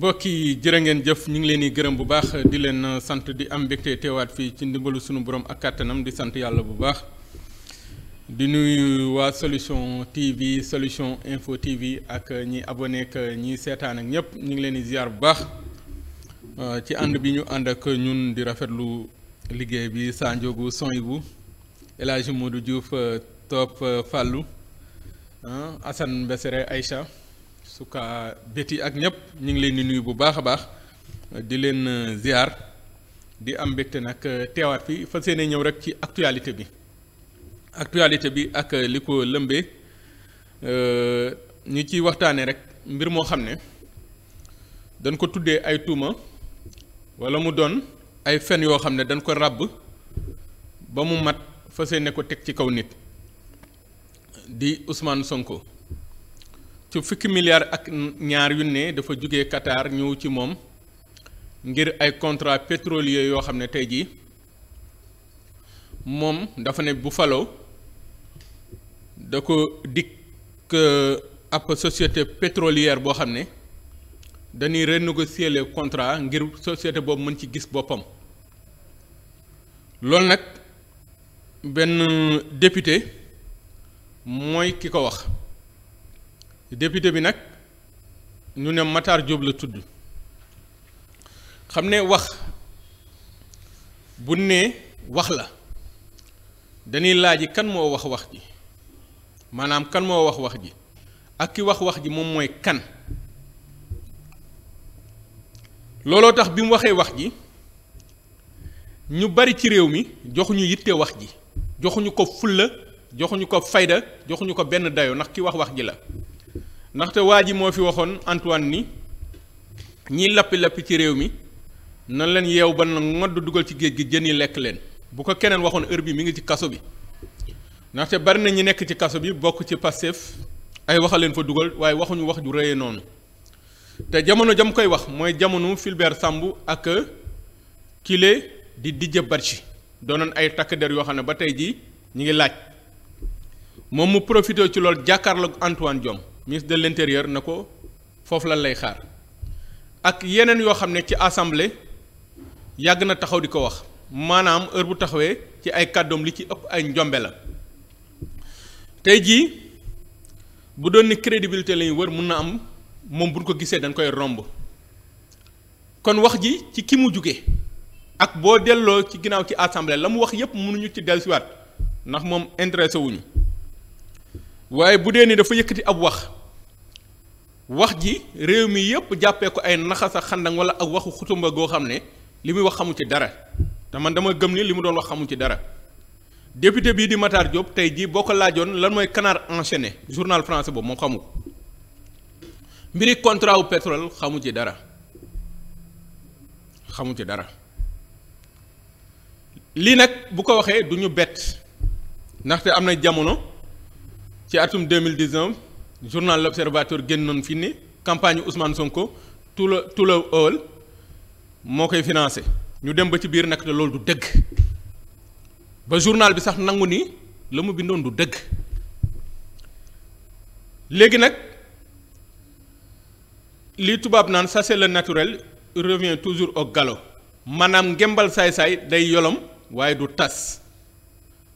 mbokk yi jërë ngeen jëf ñu ngi leen di gërëm bu baax di leen sant di am mbégte teewaat fii ci ndimbalu sunu borom ak kàttanam di sant yàlla bu baax di nuyu waa solution TV solution info TV ak ñi abone ak ñi seetaan ak ñëpp ñu ngi leen di ziar bu baax euh, ci ànd bi ñu ànd ak ñun di rafetlu liggéey bi Sa Ndiogou son yi bu El Hadj Modou Diouf euh, Top euh, Fallou Assane Mbesere Aïcha. suka yi ak ñëpp ñu ngi leen di nuyu bu baax a baax di leen euh, ziar di am mbégte nag euh, teewaat fi fa yéene ñëw rek ci actualité bi actualité bi ak euh, li ko lëmbee ñu ciy waxtaanee rek mbir moo xam ne dañ ko tuddee ay tuuma wala mu doon ay fen yoo xam ne dañ ko ràbb ba mu mat fas yéene ko teg ci kaw nit di usmaan Sonko. ci fukki milliards ak ñaar yu ne dafa jóge Qatar ñëw ci moom ngir ay contrat pétrolier yoo xam ne tey jii moom dafa ne bu faloo da ko dikk euh, ab société pétrolière boo xam ne dañuy renégocier les ngir société boobu mën ci gis boppam loolu nag benn député mooy ki ko wax député bi nag ñu ne Matar jóob la tudd xam ne wax bu ne wax la dañuy laaj kan moo wax wax ji maanaam kan moo wax wax ji ak ki wax wax ji moom mooy kan looloo tax bi mu waxee wax ji ñu bari ci réew mi joxuñu yitte wax ji joxuñu ko fulla joxuñu ko fayda joxuñu ko benn dayo ndax ki wax wax ji la ndaxte waa ji moo fi waxoon Antoine ni ñiy lappi-lappi ci réew mi nan leen yeew ba na ngodd dugal ci géej gi jën yi lekk leen bu ko keneen waxoon heure bi mi ngi ci kaso bi ndaxte bari na ñi nekk ci kaso bi bokk ci Pastef ay waxaleen fa dugal waaye waxuñu wax ju rëyee noonu te jamono jam koy wax mooy jamono Fulbert Sambou ak Kile di Didier Badji doonoon ay takk der yoo xam ne ba tey jii ñu ngi laaj moom mu profité ci loolu jàkkaarloog Antoine Diome ministre de l'intérieur na ko foofu lan lay xaar ak yeneen yoo xam ne ci assemblée yàgg na taxaw di ko wax maanaam heure bu taxawee ci ay kàddoom li ci ëpp ay njombe la tey jii bu doon ni crédibilité lañu wër mun na am moom bu buñ ko gisee dañ koy romb kon wax ji ci ki mu juge ak boo delloo ci ginnaaw ci assemblée la mu wax yépp mënuñu ci dellusiwaat ndax moom intéressé wuñu waaye bu dee ni dafa yëkkati ab wax wax ji réew mi yépp jàppee ko ay naxasa xandang wala ak waxu xutumba goo xam ne li muy wax xamu ci dara te man dama gëm ni li mu doon wax xamu ci dara député bii di mataar Diop tey jii boo ko laajoon lan mooy kanaar enchaîné journal français boobu moom xamu ko mbiri contrat wu pétrole xamu ci dara xamu ci dara lii nag bu ko waxee du ñu bett ndaxte am na jamono ci atum 2019 journal l'Observateur génnoon fi ni campagne Ousmane Sonko tout la tout moo koy financé ñu dem ba ci biir nag te loolu du dëgg ba journal bi sax nangu ni la mu bindoon du dëgg léegi nag li tubaab naan ça c'est le naturel revient toujours au galo maanaam ngembal saay-saay day yolom waaye du tas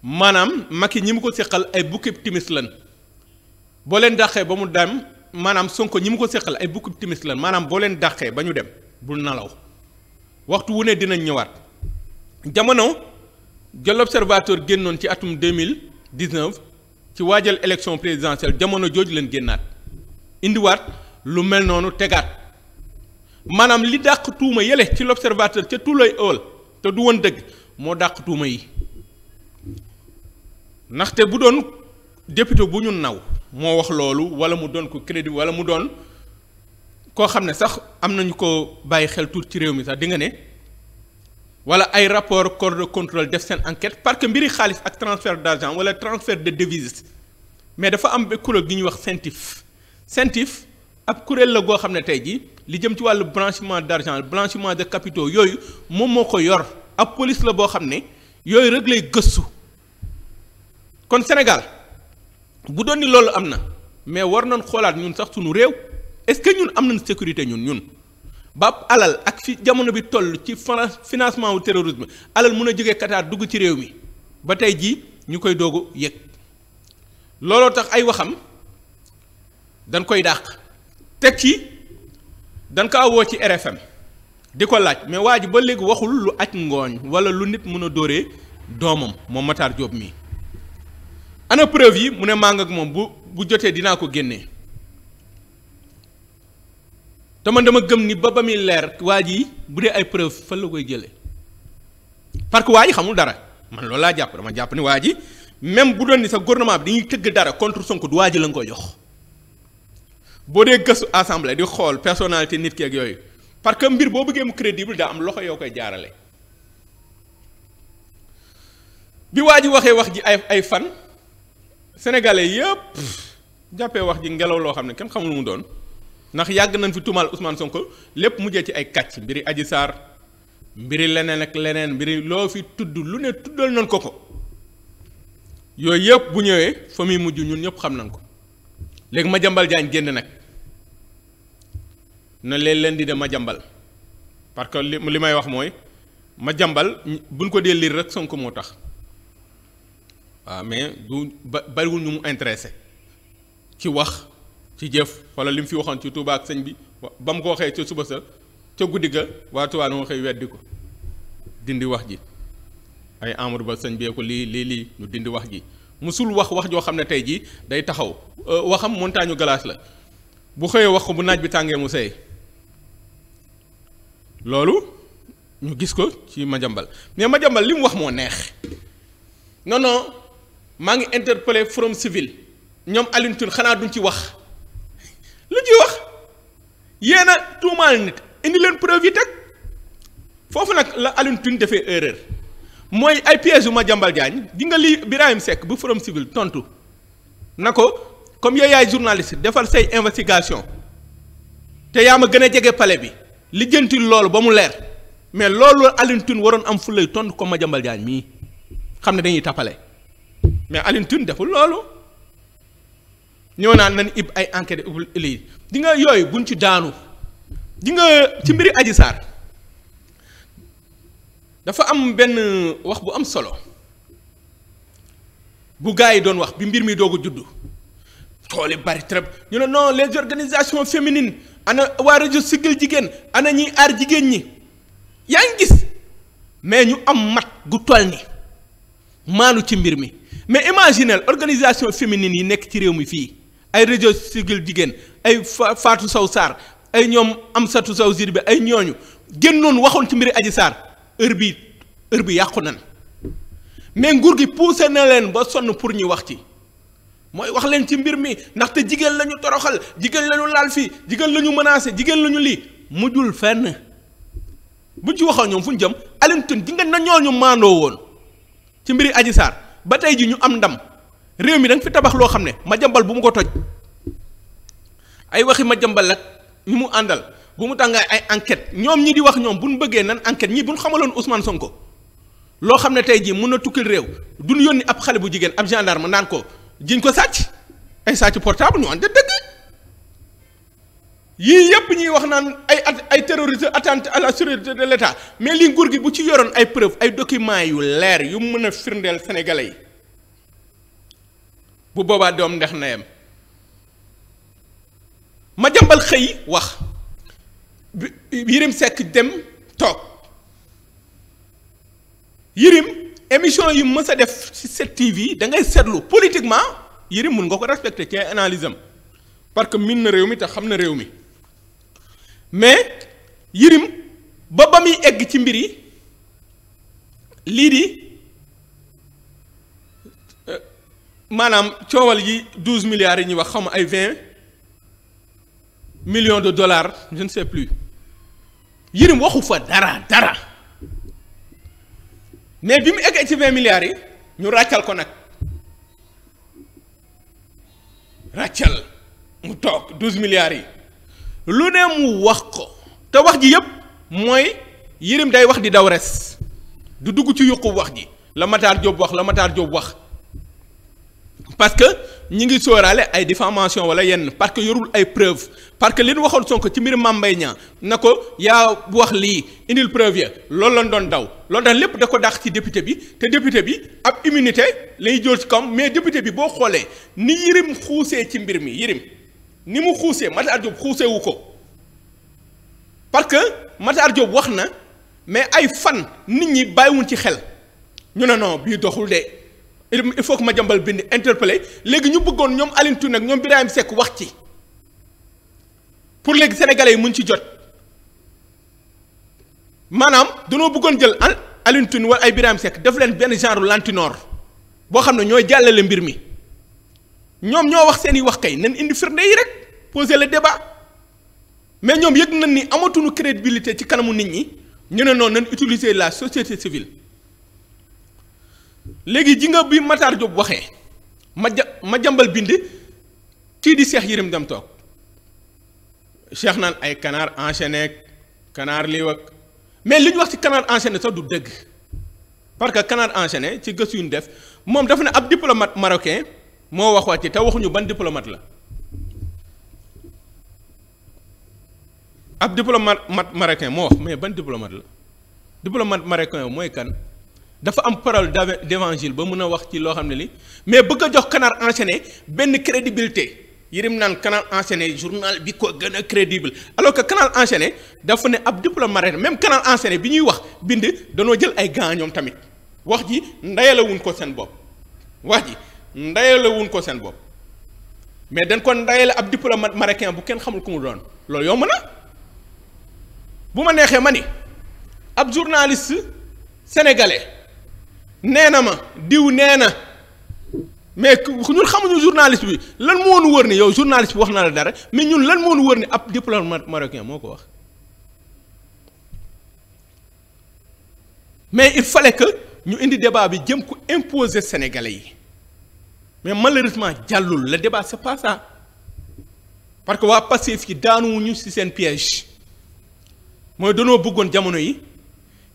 maanaam Macky ñi mu ko seqal ay bukki timis lan boo leen dàqee ba mu dem maanaam Sonko ñi mu ko séqal ay bukki timis la maanaam boo leen dàqee ba ñu dem bu nalaw waxtu wu ne dinañ ñëwaat jamono jël observateur génnoon ci atum deux mille dix-neuf ci waajal élection présidentielle jamono jooju leen génnaat indiwaat lu mel noonu tegaat maanaam li dàq tuuma yële ci l'observateur ca tuulay ëwal te du woon dëgg moo dàq tuuma yi ndaxte bu doon député bu ñu naw moo wax loolu wala mu doon ko crédit wala mu doon koo xam ne sax am nañu ko bàyyi xel tuuti ci réew mi sax di nga ne wala ay rapport corps de contrôle def seen enquête parce que mbiri xaalis ak transfert d'argent wala transfert de devises mais dafa am ba kuréel gi ñuy wax CENTIF CENTIF ab kuréel la goo xam ne tey jii li jëm ci wàllu blanchiment d'argent blanchiment de capitaux yooyu moom moo ko yor ab police la boo xam ne yooyu rek lay gëstu kon Sénégal bu doon ni loolu am na mais war nañ xoolaat ñun sax suñu réew est-ce que ñun am nañ sécurité ñun ñun ba alal ak fi jamono bi toll ci financement wu terrorisme alal mun a jógee kataar dugg ci réew mi ba tey jii ñu koy doogu yëg looloo tax ay waxam dañ koy dàq teg ci dañ ka awoo ci RFM di ko laaj mais waa ji ba léegi waxul lu aj ngooñ wala lu nit mën a dóoree doomam moom Matar Diop mii ana preuve yi mu ne maa ak moom bu bu jotee dinaa ko génnee te dama gëm ni ba ba muy leer waa ji bu dee ay preuve fan la koy jële parce que waa ji xamul dara man loolu laa jàpp dama jàpp ni waa ji même bu doon ni sa gouvernement bi dañuy tëgg dara contre Sonko du waa ji la nga koy jox boo dee gëstu assemblée di xool personnalité nit ki ak yooyu parce que mbir boo bëggee mu crédible daa am loxo yoo koy jaarale bi waa ji waxee wax ji ay ay fan. sénégalais yëpp jàppee wax ji ngelaw loo xam ne kenn xamul mu doon ndax yàgg nañ fi tuumaal Ousmane Sonko lépp mujjee ci ay kàcc mbiri Adji Sarr mbiri leneen ak leneen mbiri loo fi tudd lu ne tuddal noonu ko ko yooyu yëpp bu ñëwee fa muy mujj ñun ñëpp xam nañ ko léegi ma jambal jaañ génn nag na leen leen di dem ma jambal parce que li li may wax mooy ma jambal buñ ko dee liir rek sonk moo tax. waaw ah, mais du ba bariwul ñu mu intéressé ci wax ci jëf wala li mu fi waxoon ci Touba sëñ bi ba mu ko waxee ca suba sa ca guddi ga waa Touba na xëy weddi ko dindi wax ji ay Amadou Ba sëñ bee ko lii lii lii ñu dindi wax ji musul wax wax joo xam ne tey jii day taxaw euh, waxam montagne glace la bu xëyee wax ko bu naaj bi tàngee mu sey loolu ñu gis ko ci Madiambal mais Madiambal li mu wax moo neex non maa ngi interpellé forum civil ñoom Alioune Tine xanaa duñ ci wax lu ci wax yéen a tuumaal nit indi leen preuve yi teg foofu nag la Alioune Tine defee erreur mooy ay pièges yu ma jàmbal jaañ di nga lii Birahim Seck bu forum civil tontu na ko comme yow yaay journaliste defal say investigation te yaa ma gën a jege pale bi lijjanti loolu ba mu leer mais loolu Alioune Tine waroon am fu lay tontu comme ma jàmbal jaañ mii xam ne dañuy tappale mais Alioune tun deful loolu ñëw naan nañ ib ay enquête ubul lii di nga yooyu buñ ci daanu di nga ci mbiri Adji Sarr dafa am benn wax bu am solo bu gars yi doon wax bi mbir mi doog a juddu tool bari trop ñu ne non les organisations féminines ana waa rajo Siggil Jigéen ana ñiy aar jigéen ñi yaa ngi gis mais ñu am mat gu toll ni maanu ci mbir mi mais imaginel organisation féminine yi nekk ci réew mi fii ay rajo sigil jigéen ay faatu saw saar ay ñoom Amsatou Sow Sidibé ay ñooñu génnoon waxoon ci mbiri Adji Sarr heure bi heure bi yàqu nan mais nguur gi poussé na leen ba sonn pour ñu wax ci mooy wax leen ci mbir mi ndaxte jigéen la ñu toroxal jigéen la ñu laal fii jigéen la ñu menacé jigéen la ñu lii mujjul fenn bu ci waxoon ñoom fu ñu jëm Alioune di nga na ñooñu maandoo woon ci mbiri Adji Sarr ba tey ji ñu am ndam réew mi da nga fi tabax loo xam ne ma jambal bu mu ko toj ay waxi ma jambal ak ñu mu àndal bu mu tàngaay ay enquête ñoom ñi di wax ñoom bu ñu bëggee nan enquête ñii bu ñu xamaloon Ousmane Sonko loo xam ne tey jii mun na tukkil réew du ñu yónni ab xale bu jigéen ab gendarme naan ko jiñ ko sàcc ay sàcc portable ñu ànd dëgg. yii yëpp ñuy wax naan ay ay terroriste atteinte à la sécurité de l'État mais li nguur gi bu ci yoroon ay preuve ay documents yu leer yu mën a firndeel sénégalais yi bu boobaa doom ndax na yem ma jàmbal xëy wax Yérim sekk dem toog Yérim émission yu mës a def ci 7TV da ngay seetlu politiquement Yérim mun nga ko respecté ci analyse am parce que min na réew mi te xam na réew mi mais yirim ba ba muy egg ci mbir yi lii di euh, maanaam coowal yi douze milliards yi ñuy wax xawma ay vingt million de dollars je ne sais plus yirim waxu fa dara dara mais bi mu eggee ci vingt milliards yi ñu ràccal ko nag ràccal mu toog douze milliards yi lu ne mu wax ko te wax ji yëpp mooy Yérim day wax di daw res du dugg ci yuqu wax ji la Matar Diop wax la Matar Diop wax parce que ñu ngi sóoraale ay diffamation wala yenn parce que yorul ay preuve parce que li nu waxoon Sonko ci mbir Mame Mbaye na ko yaa wax lii indil preuve ya loolu lañu doon daw lool daal lépp da ko dàq ci député bi te député bi ab immunité lay jël ci kawam mais député bi boo xoolee ni Yérim xuusee ci mbir mi Yérim ni mu xuusee Matar Diop xuusee wu ko parce que Matar Diop wax na mais ay fan nit ñi bàyyiwuñ ci xel ñu ne non bii doxul de il faut que ma jàmbal bind interpellé léegi ñu bëggoon ñoom Alioune Tine ak ñoom Birahim Seck wax ci pour léegi sénégalais yi muñ ci jot maanaam danoo bëggoon jël Alioune Tine wala ay Birahim Seck def leen benn genre lantinoor boo xam ne ñooy jàllale mbir mi. ñoom ñoo wax seen i wax kay nan indi firnde yi rek poser le débat mais ñoom yëg nañ ni amatuñu crédibilité ci kanamu nit ñi ñu ne noonu nan utiliser la société civile léegi ji nga bi Matar Diop waxee ma ja ma bind kii di Cheikh Yérim dem toog Cheikh naan ay kanaar enchaîné kanaar lii wax mais li ñu wax ci canard enchaîné sax du dëgg parce que canard enchaîné ci gëstu yu ñu def moom dafa ne ab diplomate marocain. moo wax wàcc te waxuñu ban diplomate la ab diplomate marocain moo wax mais ban diplomate la diplomate marocain mooy kan dafa am parole d'évangile ba mun a wax ci loo xam ne li mais bëgg a jox Canard enchaîné benn crédibilité yërim naan Canard enchaîné journal bi ko gën a crédible alors que Canard enchaîné dafa ne ab diplomate même Canard enchaîné bi ñuy wax bind danoo jël ay gaañoom tamit wax ji ndeyalewuñ ko seen bopp wax ji ndayale wuñ ko seen bopp mais dañ ko ndayale ab diplomate marocain bu kenn xamul ku mu doon loolu yomb na bu ma neexee ma ni ab journaliste sénégalais nee na ma diw nee na mais ñun xamuñu journaliste bi lan moo nu wër ni yow journaliste bi wax na la dara mais ñun lan moo nu wër ni ab diplomate marocain moo ko wax mais il fallait que ñu indi débat bi jëm ko imposer sénégalais yi. mais malheureusement jàllul le débat c'est pas ça parce que waa Pastef yi daanuwuñu ci seen piège mooy danoo bëggoon jamono yi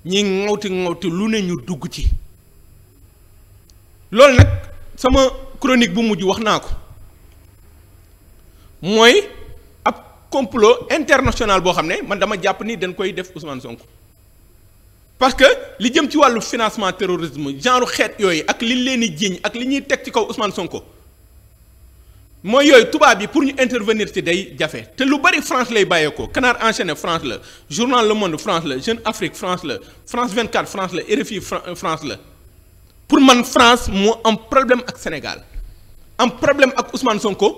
ñi ŋawti ŋawti lu ne ñu dugg ci loolu nag sama cronique bu mujj wax naa ko mooy ab complot international boo xam ne man dama jàpp ni dañ koy def Ousmane Sonko parce que li jëm ci wàllu financement terrorisme genre xeet yooyu ak li leen di jiiñ ak li ñuy teg ci kaw Ousmane Sonko mooy yooyu tubaab yi pour ñu intervenir ci day jafe te lu bari France lay bàyyeekoo Canard enchaîné France la journal Le Monde France la Jeune Afrique France la France 24 France la RFI euh, France la pour man France moo am problème ak Sénégal am problème ak Ousmane Sonko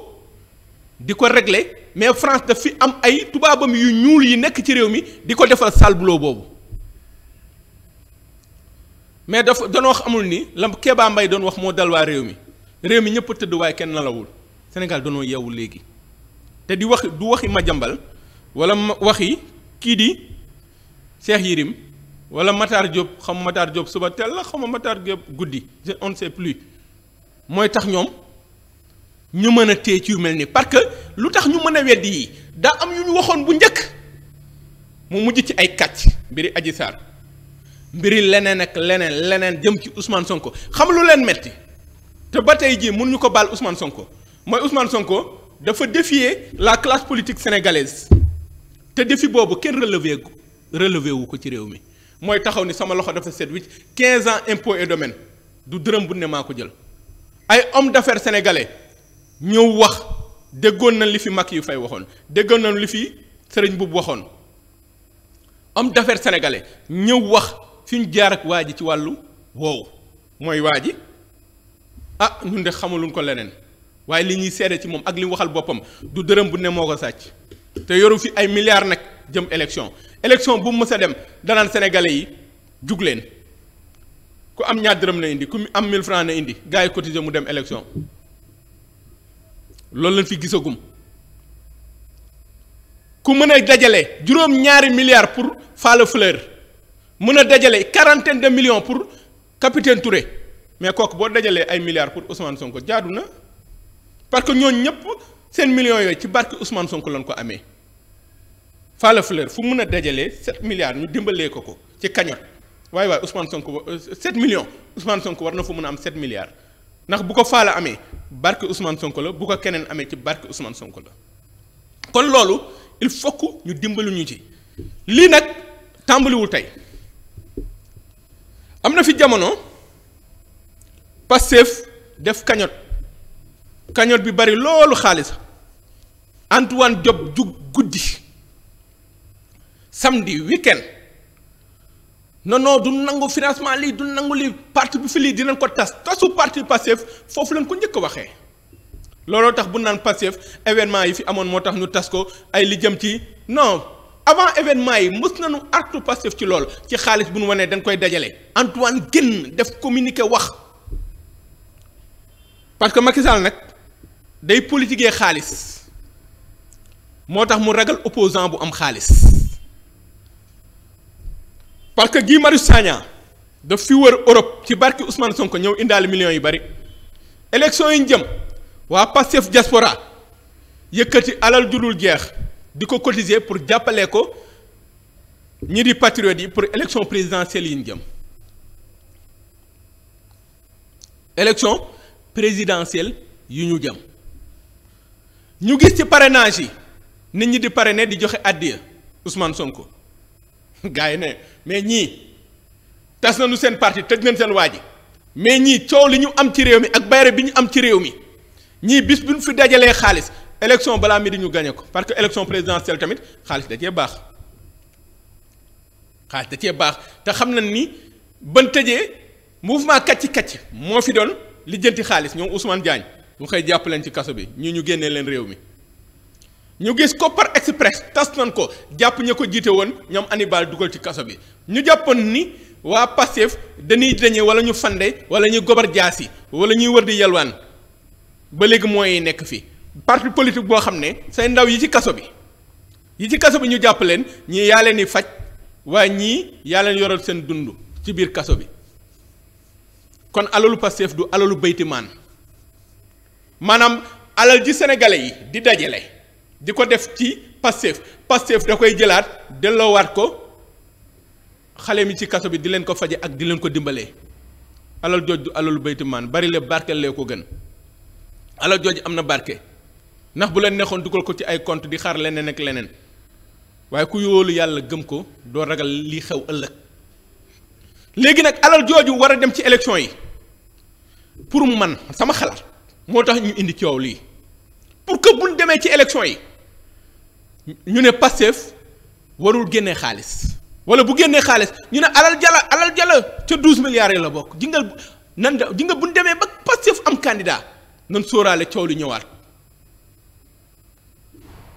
di ko régler mais France daf fi am ay tubaabam yu ñuul yi nekk ci réew mi di ko defal sale boobu. mais dafa danoo amul ni la Kéba mbay doon wax moo dal waa réew mi réew mi ñëpp tëdd waaye kenn nalawul Sénégal danoo yeewu léegi te di wax du waxi Madiambal wala waxi kii di Cheikh Yérim wala Matar Diop xam ma Matar Diop teel xam ma Matar guddi je on ne plus mooy tax ñoom ñu mën a téye ci yu mel ni parce que lu tax ñu mën a weddi yi daa am yu ñu waxoon bu njëkk mu mujj ci ay kàcc mbiri Adji Sarr mbiri leneen ak leneen leneen jëm ci Ousmane Sonko xam lu leen metti te ba tey jii mënuñu ko baal Ousmane Sonko mooy Ousmane Sonko dafa défier la classe politique sénégalaise te defi boobu kenn relevé relevé wu ko ci réew mi mooy taxaw ni sama loxo dafa set wicc 15 ans impôt et domaine du dërëm bu ne maa ko jël ay homme d'affaires sénégalais ñëw wax déggoon na li fi mag yu fay waxoon déggoon na li fi sëriñ bubu waxoon homme d'affaires sénégalais ñëw wax. fi ñu jaar ak waa ji ci wàllu woowu mooy waa ji ah ñun de xamaluñ ko leneen waaye li ñuy seede ci moom ak li waxal boppam du dërëm bu ne moo ko sàcc te yoru fi ay milliards nag jëm élection élection bu mu mës a dem danaan sénégalais yi jug leen ku am ñaar dërëm na indi ku am 1000 francs na indi gars yi cotisé mu dem élection loolu lañ fi gisagum ku mën a dajale juróom ñaari milliards pour Falla Fleur mun a dajale quarantaine de millions pour capitaine Touré mais kooku boo dajalee ay milliards pour Ousmane Sonko jaadu na parce que ñooñu ñëpp seen million yooyu ci barke Ousmane Sonko lañ ko amee Falla Fleur fu mën a dajalee 7 milliards ñu dimbalee ko ko ci cagnotte waaye waaye Ousmane Sonko 7 millions Ousmane Sonko war na fa mën am 7 milliards ndax bu ko Falla amee barke Ousmane Sonko la bu keneen amee ci barke Ousmane Sonko la kon loolu il faut que ñu dimbaluñu ci lii nag tàmbaliwul tey. am na fi jamono Pastef def cagnotte kañot bi bari loolu xaalis Antoine Diop jug guddi samedi week-end non non du nangu financement lii du nangu lii part bi fi lii dinañ ko tas tasu parti Pastef foofu lañ ko njëkk a waxee looloo tax bu naan Pastef événement yi fi amoon moo tax ñu tas ko ay li jëm ci non. avant événement yi mës nañu artu Pastef ci lool ci xaalis bu nu wanee dañ koy dajale Antoine génn def communiqué wax parce que Macky Sall nag day politiquer xaalis moo tax mu ragal opposant bu am xaalis parce que Guy Marius Sagna daf fi wër Europe ci barki Ousmane Sonko ñëw indaal millions yu bari élection yi ñu jëm waa Pastef diaspora yëkkati alal ju dul jeex di ko cotiser pour jàppale ko ñi di patriote yi pour élection présidentielle yi ñu jëm élection présidentielle yu ñu jëm ñu gis ci parrainage yi nit ñi di parrainer di joxe àddiya Ousmane Sonko gars yi ne mais ñii tas nañu seen parti tëj nañ seen waa ji mais ñii coow li ñu am ci réew mi ak bayre bi ñu am ci réew mi ñii bis bu nu fi dajalee xaalis élection balaa mi di ñu gagné ko parce que élection présidentielle tamit xaalis da cee baax xaalis da cee baax te xam na ni ban tëjee mouvement kàcci kàcci moo fi doon lijjanti xaalis ñoom Ousmane Diagne mu xëy jàpp leen ci kaso bi ñu ñu génnee leen réew mi. ñu gis Kopar Express tas nañ ko jàpp ña ko jiite woon ñoom Hannibal dugal ci kaso bi ñu jàppoon ni waa Pastef dañuy dañee wala ñu fande wala ñu gobar jaas yi wala ñuy wër di yalwaan ba léegi mooy nekk fii. parti politique boo xam ne say ndaw yi ci kaso bi yi ci kaso bi ñu jàpp leen ñii yaa leen di faj waaye ñii yaa leen yoral seen dund ci biir kaso bi kon alalu Pastef du alalu bayti maan maanaam alal ji sénégalais yi di dajale di ko def ci Pastef Pastef da koy jëlaat delloowaat ko xale mi ci kaso bi di leen ko faje ak di leen ko dimbalee alal jooj du alalu bayti maan bari le barkeel lee ko gën alal jooj am na barke ndax bu leen neexoon dugal ko ci ay compte di xaar leneen ak leneen waaye ku yoolu yàlla gëm ko doo ragal lii xew ëllëg léegi nag alal jooju war a dem ci élection yi pour man sama xalaat moo tax ñu indi coow lii pour que buñ demee ci élection yi ñu ne Pastef warul génnee xaalis wala bu génnee xaalis ñu ne alal jala alal jala ca douze milliards yi la bokk jingal nga nan ji nga buñ demee ba Pastef am candidat nan sóoraale coow li ñëwaat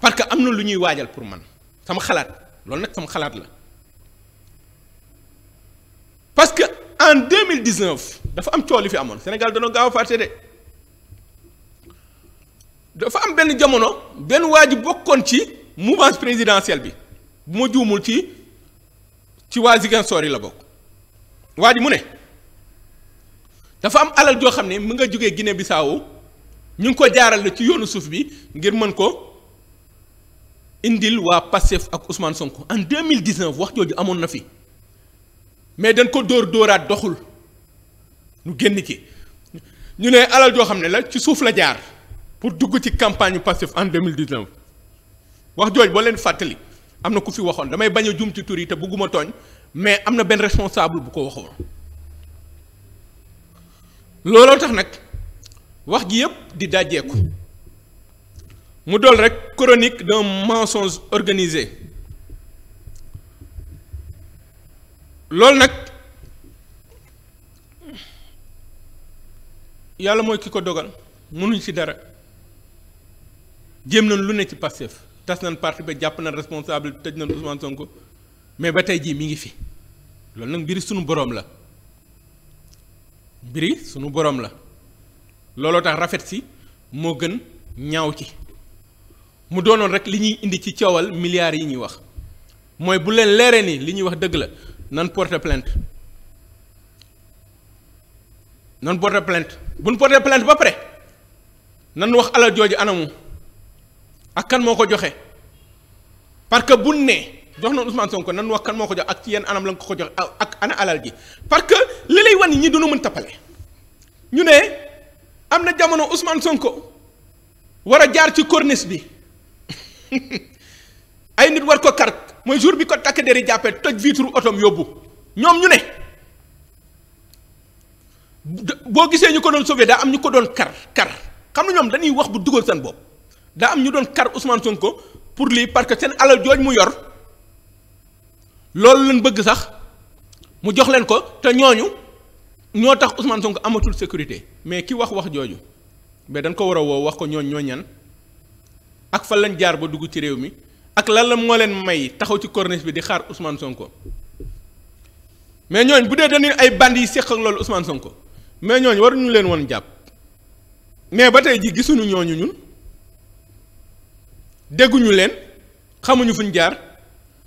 parce que am na lu ñuy waajal pour man sama xalaat loolu nag sama xalaat la parce que en deux mille dix neuf dafa am coow li fi amoon Sénégal danoo gaaw a fàtte de dafa am benn jamono benn waa ji bokkoon ci mouvance présidentielle bi bu ma juumul ci ci waa Ziguinchor yi la bokk waa ji mu ne dafa am alal joo xam ne mu nga jógee Guinée Bissau ñu ngi ko jaaral la ci yoonu suuf bi ngir mën ko. indil waa Pastef ak Ousmane Sonko en 2019 wax jooju amoon na fi mais dañ ko dóor dóoraat doxul ñu génn ci ñu ne alal joo xam ne la ci suuf la jaar pour dugg ci campagne Pastef en 2019 wax jooju boo leen fàttali am na ku fi waxoon damay bañ a jum yi te bëgguma tooñ mais am na benn responsable bu ko waxoon looloo tax nag wax ji yëpp di dajjeeku mu dool rek chronique d'un mensonge organisé loolu nag yàlla mooy ki ko dogal mënuñ ci dara jéem nañ lu ne ci Pastef tas nañ parti ba jàpp na responsable tëj nañ Ousmane Sonko mais ba tey jii mi ngi fi loolu nag mbiri sunu boroom la mbiri sunu boroom la looloo tax rafet si moo gën ñaaw ci mu doonoon rek li ñuy indi ci ceewal milliards yi ñuy wax mooy bu leen leere ni li ñuy wax dëgg la nan porte plainte nan porter plainte buñ porter plainte ba pare nan wax alal jooju anamu ak kan moo ko joxe parce que buñ nee. jox noonu Ousmane Sonko nan wax kan moo ko jox ak ci yenn anam la nga ko jox ak ana alal ji parce que li lay wan ñi duñu mën tappale ñu ne am na jamono Ousmane Sonko war a jaar ci corniche bi ay nit war ko kar mooy jour bi ko takk deri jàppee toj vitre otom yóbbu ñoom ñu ne boo gisee ñu ko doon sauvé daa am ñu ko doon kar kar xam na ñoom dañuy wax bu dugal seen bopp daa am ñu doon kar Ousmane Sonko pour lii parce que seen alal jooj mu yor loolu lañ bëgg sax mu jox leen ko te ñooñu ñoo tax Ousmane Sonko amatul sécurité mais ki wax wax jooju mais dañ ko war a woo wax ko ñooñ ñan ak fan lañ jaar ba dugg ci réew mi ak lan la moo leen may taxaw ci corniche bi di xaar Ousmane Sonko mais ñooñ bu dee dañuy ay band yi seq loolu Ousmane Sonko mais ñooñ waruñu leen woon jàpp mais ba tey ji gisuñu ñooñu ñun dégguñu leen xamuñu fuñ jaar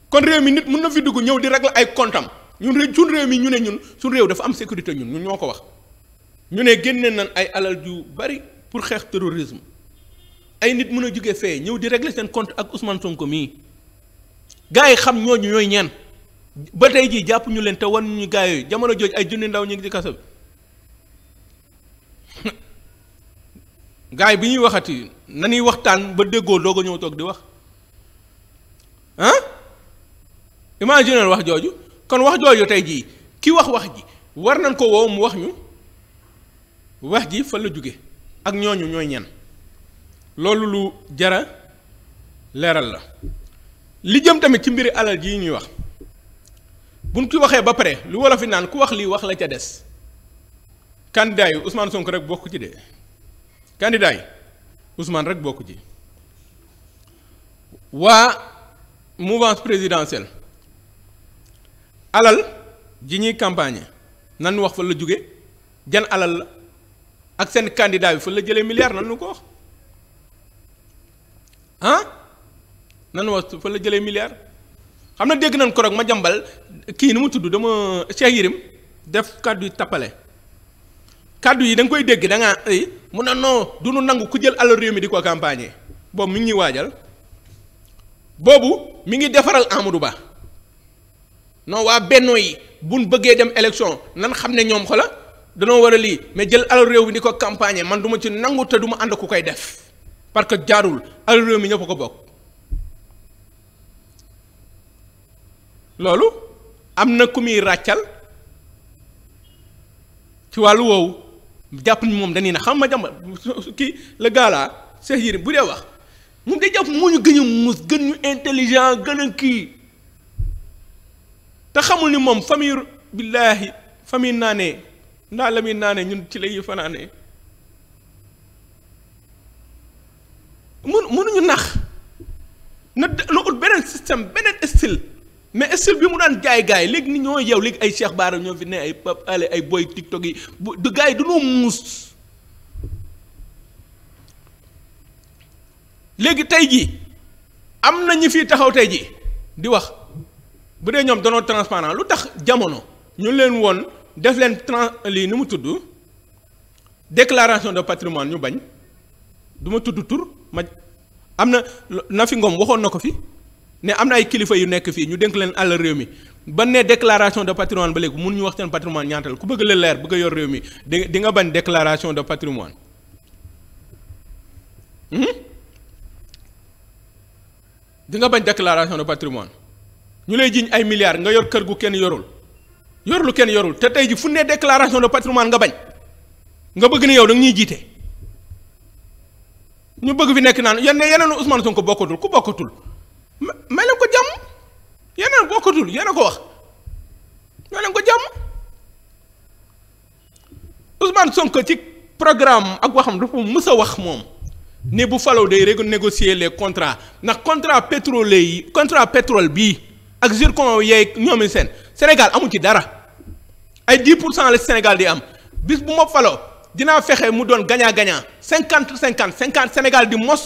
kon réew mi nit mën na fi dugg ñëw di régler ay comptam ñun ré suñ réew mi ñu ne ñun suñ réew dafa am sécurité ñun ñun ñoo ko wax ñu ne génne nañ ay alal yu bari pour xeex terrorisme ay nit mën a jóge fee ñëw di régler seen compte ak Ousmane Sonko mii gars yi xam ñooñu ñooy ñeen ba tey jii jàpp ñu leen te wan ñu gars yooyu jamono jooj ay junni ndaw ñu ngi ci kaso bi gars yi bi ñuy waxati na ñuy waxtaan ba déggoo doog a ñëw toog di wax ah imaginer wax jooju kon wax jooju tey jii ki wax wax ji war nañ ko woo mu wax ñu wax ji fan la jóge ak ñooñu ñooy ñen loolu lu jara leeral la li jëm tamit ci mbir alal ji ñuy wax buñ ci waxee ba pare lu wolof fi naan ku wax lii wax la ca des candidat yi Ousmane Sonko rek bokk ci de candidat yi Ousmane rek bokk ci waa mouvance présidentielle alal ji ñuy campagne nan wax fa la jóge jan alal la ak seen candidat bi fa la jëlee milliard nan nu ko wax ah nan wax fa la jëlee milliard xam na dégg nañ ko ma jàmbal kii nu mu tudd dama Cheikh Yérim def kàddu yi tappale kàddu yi da koy dégg da ngaa ay eh, mu ne non du nangu ku jël alal réew mi di ko campagne boobu mi ngi ñuy waajal boobu mi ngi defaral Amadou Ba non waa Benno bu nu bëggee dem élection nan xam ne ñoom xola danoo war a lii mais jël alal réew mi di ko campagne man du ma ci nangu te du ma ànd ku koy def parce que jaarul alal réew mi ñëpp ko bokk loolu am na ku muy ràccal ci wàll woowu jàpp ni moom dañuy na xam ma jàmba kii la gaalaa Cheikh Yérim bu dee wax moom day jàpp moo ñu gën muus gën ñu intelligent gën a kii te xamul ni moom famille billaahi famille naanee ndaa la muy naanee ñun ci lay fanaanee mun mënuñu nax na na ut beneen système beneen style mais style bi mu daan gaay gaay léegi ni ñoo yow léegi ay Cheikh Bara ñoo fi ne ay Pape Alé ay boy TikTok yi bu du gaay yi muus léegi tey jii am na ñu fi taxaw tey jii di wax bu dee ñoom danoo transparent lu tax jamono ñu leen woon def leen trans lii ni mu tudd déclaration de patrimoine ñu bañ du ma tudd tur ma am na Nafi ngoom waxoon na ko fi ne am na ay kilifa yu nekk fii ñu dénk leen àll réew mi ban ne déclaration de patrimoine ba léegi mun ñu wax seen patrimoine ñaata la ku bëgg la leer bëgg a yor réew mi di di nga bañ déclaration de patrimoine hmm? di nga bañ déclaration de patrimoine ñu lay jiñ ay milliards nga yor kër gu kenn yorul yor lu kenn yorul te tey ji fu ne déclaration de patrimoine nga bañ nga bëgg ne yow da nga ñuy jiite ñu bëgg bi nekk naan yenn yeneen Ousmane Sonko bokkatul ku bokkatul ma may leen ko jàmm yeneen bokkatul yéen a ko wax may ko jàmm Ousmane Sonko ci programme ak waxam dafa mës a wax moom ne bu falaw de rek négocier les contrats ndax contrat pétrolier yi contrat pétrole bii ak zircon yeeg ñoomi seen Sénégal amu ci dara ay di pour cent la Sénégal di am bis bu ma faloo dinaa fexe mu doon gagnant gagnant cinquante cinquante cinquante Sénégal di mos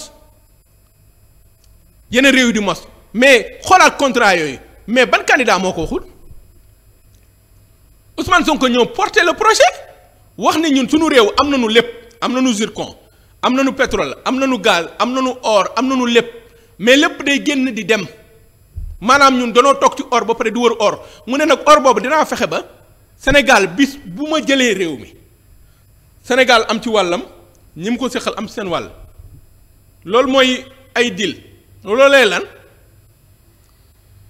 yeneen réew yi di mos mais xoolaat contrat yooyu mais ban candidat moo ko waxul Ousmane Sonko ñoo porté le projet wax ni ñun suñu réew am nañu lépp am nañu zircon am nañu pétrole am nañu gaz am nañu or am nañu lépp mais lépp day génn di dem maanaam ñun danoo toog ci or ba pare di wër or mu ne nag or boobu dinaa fexe ba Sénégal bis bu ma jëlee réew mi. Sénégal am ci wàllam ñi mu ko séqal am seen wàll loolu mooy ay dil loolee lan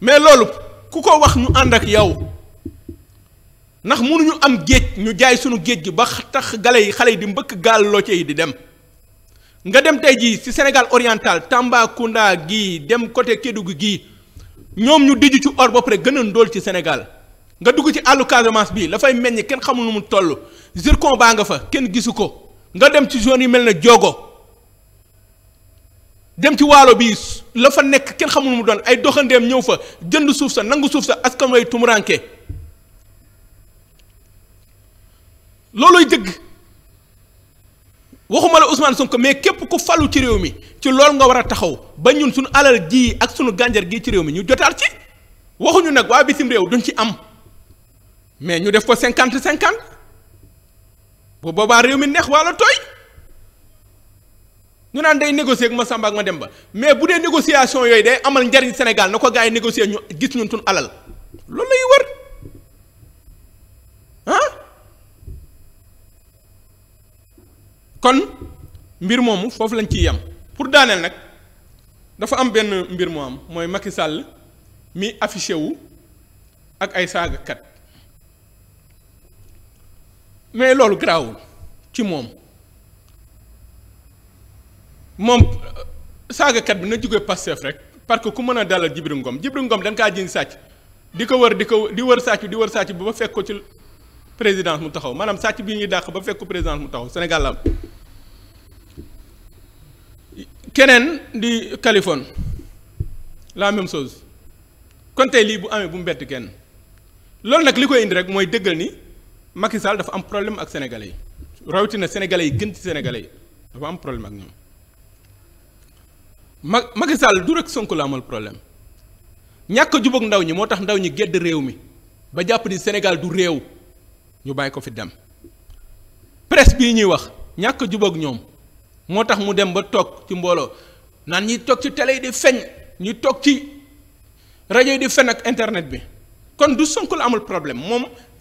mais loolu ku ko wax ñu ànd ak yow ndax mënuñu am géej ñu jaay sunu géej gi ba tax gale yi xale yi di mbëkk gaal loo yi di dem nga dem tey jii ci Sénégal oriental Tambacounda gi dem côté Kédougou gii ñoom ñu dijju ci or ba pare gën a ndóol ci Sénégal nga dugg ci àllu Casamance bii dafay meññ kenn xamul nu mu toll zircon baa nga fa kenn gisu ko nga dem ci zone yi mel na joogo dem ci waalo bi la fa nekk kenn xamul mu doon ay doxandeem ñëw fa jënd suuf sa nangu suuf sa askan way tumuranke looloy dëgg waxuma la Ousmane Sonko mais képp ku falu ci réew mi ci loolu nga war a taxaw ba ñun suñu alal jii ak sunu gànjar gi ci réew mi ñu jotaat ci waxuñu nag waa bitim réew duñ ci am mais ñu def ko cinquante cinquante bu boobaa réew mi neex walla tooy ñu naan day négocier ak ma Samba ak ma ba mais bu dee négociation yooyu day amal njariñ Sénégal na ko gars yi négocier ñu gis ñun tun alal loolu lay wër ah. kon mbir moomu foofu lañ ci yem pour daaneel nag dafa am benn mbir mu am mooy Macky Sall mi affiché wu ak ay saagakat mais loolu garaawul ci moom moom euh, saagakat bi na jóge Pastef rek parce que ku mën a dalal Jibril Ngom Jibril Ngom dañ kaa jiñ sàcc di ko wër di ko di wër sàcc di wër sàcc ba fekk ko ci présidence mu taxaw maanaam sàcc bi ñuy dàq ba fekk ko présidence mu taxaw Sénégal la am keneen di kalifon la même chose kon lii bu amee bu mu bett kenn loolu nag li koy indi rek mooy dëggal ni. Macky Sall dafa am problème ak sénégalais yi rawatina sénégalais yi gën ci sénégalais yi dafa am problème ak ñoom ma Macky Sall du rek sonk la amal problème ñàkk a jubóog ndaw ñi moo tax ndaw ñi gedd réew mi ba jàpp ni Sénégal du réew ñu bàyyi ko fi dem presse bi ñuy wax ñàkk a jubóog ñoom moo tax mu dem ba toog ci mbooloo naan ñi toog ci télé yi di feñ ñi toog ci rajo yi di fen ak internet bi kon du sonk la amul problème moom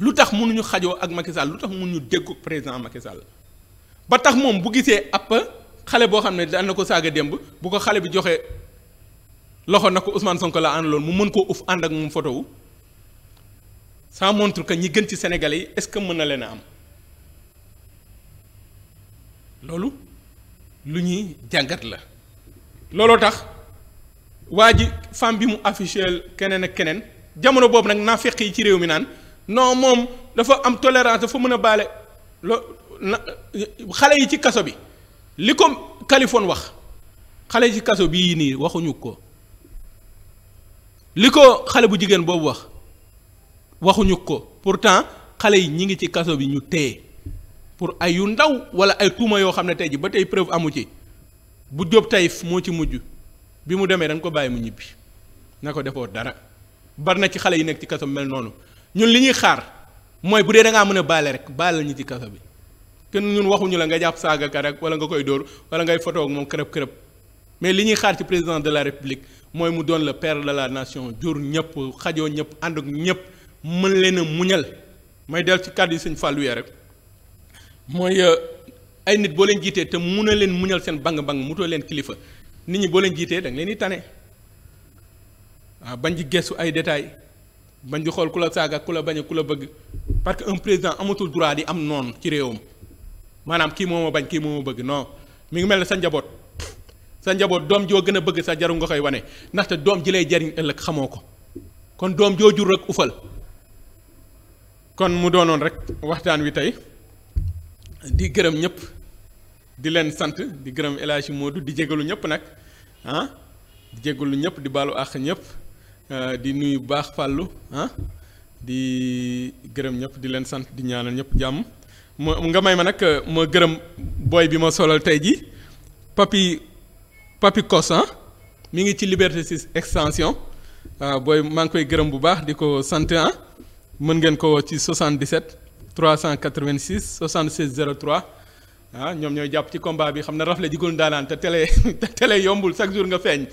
lu tax mënuñu xajoo ak Macky Sall lu tax mënuñu dégg président Macky Sall ba tax moom bu gisee ab xale boo xam ne daan na ko saaga démb bu ko xale bi joxe loxo na ko Ousmane Sonko la àndaloon mu mën koo uf ànd ak moom photo wu montre que ñi gën ci Sénégalais yi est-ce que mën na leen am loolu lu ñuy jàngat la. looloo tax waa ji femme bi mu affiché keneen ak keneen jamono boobu nag naafeq yi ci réew mi naan. non moom dafa am tolérance dafa mën a baale lo na xale yi ci kaso bi li ko Kaliphone wax xale yi ci kaso bii nii waxuñu ko li ko xale bu jigéen boobu wax waxuñu ko pourtant xale yi ñu ngi ci kaso bi ñu téye pour ay yu ndaw wala ay tuuma yoo xam ne tey ji ba tey preuve amu ci bu Jóob Tayif moo ci mujj bi mu demee dañ ko bàyyi mu ñibbi na ko defoo dara bari na ci xale yi nekk ci kaso bi mel noonu ñun li ñuy xaar mooy bu dee da ngaa mën a baale rek baale ñu ci kaso bi kenn ñun waxuñu la nga jàpp saaga ka rek wala nga koy dóor wala ngay photo ak moom kërëb kërëb mais li ñuy xaar ci président de la république mooy mu doon le père de la nation jur ñëpp xajoo ñëpp ànd ak ñëpp mën leen a muñal may dell ci kàddu yi sëñ Fallou rek mooy euh, ay nit boo leen jiitee te mu ne leen muñal seen bang-bang mutoo leen kilifa nit ñi boo leen jiitee da nga leen di tane waaw ah, bañ ci gestu ay détails bañ di xool ku la saaga ku la bañ ku la bëgg parce que un président amatul droit di am noonu ci réewam maanaam kii moo ma bañ kii moo ma bëgg noo mi ngi mel ne sa njaboot sa njaboot doom joo gën a bëgg sa jaru nga koy wane ndaxte doom ji lay jariñ ëllëg xamoo ko kon doom joo jur rek ufal kon mu doonoon rek waxtaan wi tey di gërëm ñëpp di leen sant di gërëm El moo Modou di jégalu ñëpp nag ah di jégalu ñëpp di balu àq ñëpp. Euh, di nuyu baax fàllu ah di gërëm ñëpp di leen sant di ñaanal ñëpp jàmm ma nga may ma nag euh, moo gërëm booy bi ma solal tey ji papi papi kos ah mi ngi ci liberté si extension waaw booy maa ngi koy gërëm bu baax di ko sant ah mën ngeen ko woo ci 77 386 76 03 ah ñoom ñooy jàpp ci combat bi xam na rafle jigul ndaanaan te télé te télé yombul chaque jour nga feeñ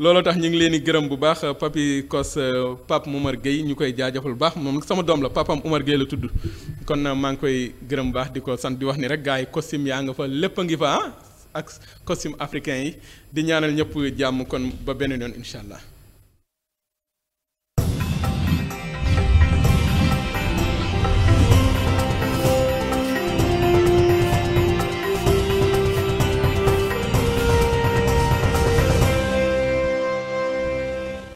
looloo tax ñu ngi leen di gërëm bu baax papi kos euh, Pape Momar Gueye ñu koy jaajëfal bu baax moom sama doom la papam Omar Gueye la tudd kon euh, maa ngi koy gërëm bu baax di ko sant di wax ni rek gars yi costume yaa nga fa lépp a ngi fa ah ak costume africain yi di ñaanal ñëpp jàmm kon ba beneen yoon incha allah